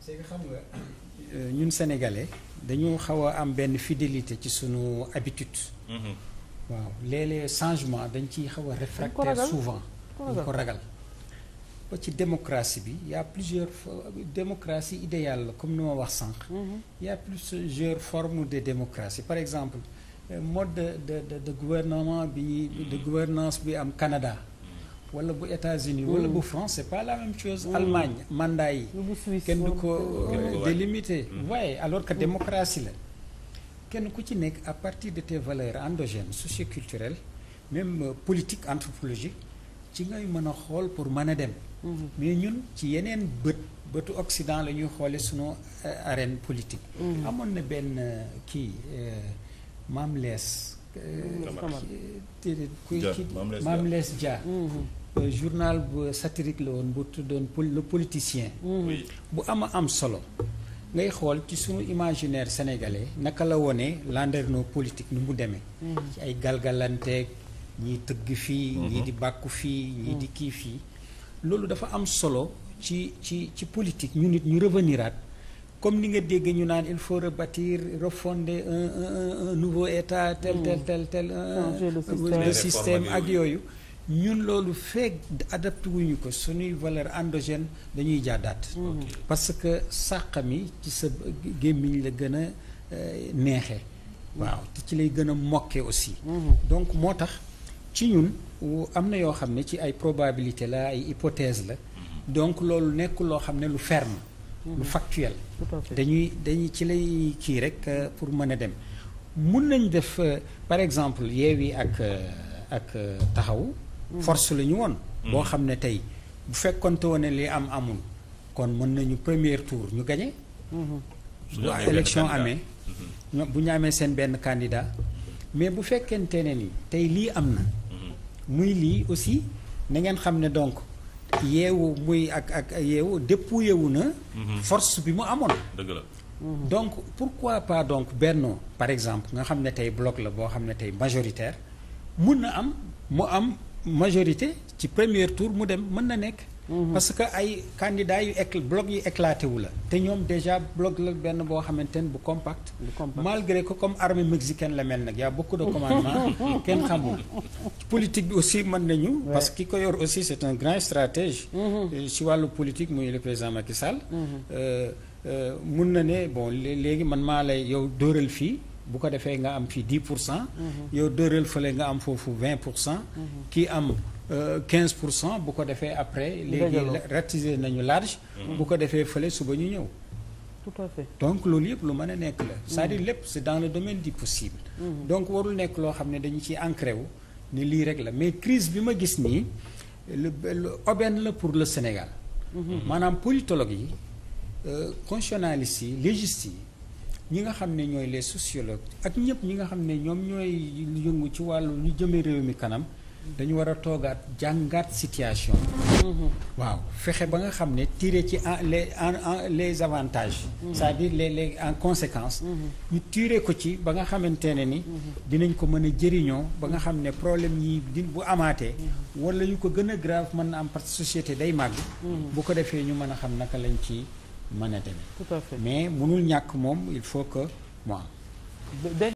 c'est que xam nga euh, ñun sénégalais dañu xaw a am benn fidélité ci suñu habitude. Mhm. waaw léeg changement dañ ciy xaw a réfractaire souvent dañ ko ragal ba ci démocratie bi y a plusieurs comme ni wax sànq mhm. y a plusieurs formes de démocratie par exemple euh, mode de de de gouvernement bi de gouvernance bi am Canada wala bu États-Unis wala bu France c'est pas la même chose Allemagne mandat yi kenn du ko délimité waaye mm-hmm. alors que démocratie la kenn ku ci nekk à partir de tes valeurs endogènes socioculturelles même euh, politique anthropologique ci ngay mën a xool pour mën a dem mm-hmm. mais ñun ci yeneen bët bëtu Occident la ñuy xoole suñu euh, arène politique mm-hmm. amoon na benn euh, kii Mame Less Maam Lees Dia Euh, journal bu satirique la woon bu tuddoon le politicien. Mm. bu ama am solo. ngay xool ci suñu imaginaire sénégalais naka la wone landerneau politique nu mu demee. Mm. ci ay galgalanteeg ñii tëgg fii. Mm-hmm. ñii di bàkku fii ñii di mm. kii fii. loolu dafa am solo ci ci ci politique ñu nit ñu reveniraat comme ni nga dégg ñu naan il faut rebâtir refonder un un un nouveau état. tel tel tel tel un. le système ak yooyu. ñun loolu feeg adapté wuñu ko suñuy valeur endogène dañuy jàddaat parce que sàq mi ci sa gémmiñ la gën a euh, neexee waaw te ci lay gën a mokke aussi mhm. donc moo tax ci ñun am na yoo xam ne ci ay probabilité la ay hypothèse la mhm. donc loolu nekk loo xam ne lu ferme mhm. lu factuel dañuy dañuy ci lay kii rek euh, pour mën a dem mun nañ def euh, par exemple Yewwi ak ak taxaw force la ñu woon. boo xam ne tey bu fekkonte woon ne li am amul kon mën nañu première tour ñu gagné. bu élection amee. Mhm. bu ñu amee seen benn candidat. mais bu fekkente ne nii tey lii am na. Mhm. muy lii aussi na ngeen xam ne donc yeewu muy ak ak yeewu dépouillé wu na. Mhm. force bi mu amoon. dëgg la. donc pourquoi pas donc Benno par exemple nga xam ne tey bloc la boo xam ne tey majoritaire mun na am mu am. majorité ci première tour mu dem mën na nekk. Mhm. parce que ay candidats yu écl bloc yu éclaté wu la. te ñoom déjà bloc la benn boo xamante ne bu compact. malgré ko comme armée mexicaine la mel nag y' a beaucoup de commandement kenn xamul. politique bi aussi mën nañu. parce que ki ko yor aussi c' est un grand stratège. Mhm. Euh, ci wàllu politique muy le président Macky Sall. Mhm. Euh, euh, mun na ne bon léegi man maa lay yow dóoral fii. bu ko defee nga am fii 10 pour cent. Mhm. yow dërël fële nga am foofu vingt pour cent. Mhm. kii am 15 euh, pour cent bu ko defee après. léegi ratiser nañu large. Mhm. bu ko defee fële suba ñu ñëw. tout donc loolu yëpp lu mën a nekk la. saa à dire lépp c'est dans le domaine du possible. donc warul nekk loo xam ne dañu ciy ancré wu lii rek la mais crise bi ma gis nii le aubaine la pour le Sénégal. maanaam politologue yi euh, constitutionnalistes yi légistes yi. ñi nga xam ne ñooy les sociologues ak ñëpp ñi nga xam ne ñoom ñooy yëngu ci wàllu ñu jëmee réew mi kanam dañu war a toogaat jàngaat situation mm-hmm. waaw fexe ba nga xam ne tirer ci les les avantages mm-hmm. cest à les les en conséquence mm-hmm. ñu tirer ko ci ba nga xamante ne ni dinañ ko mën a jëriñoo ba nga xam ne problème yi di bu amaatee wala yu ko gën a grave mën na am parce que société day màgg bu ko defee ñu mën a xam naka lañ ci mën a demee mais mënul ñàkk moom il faut que mu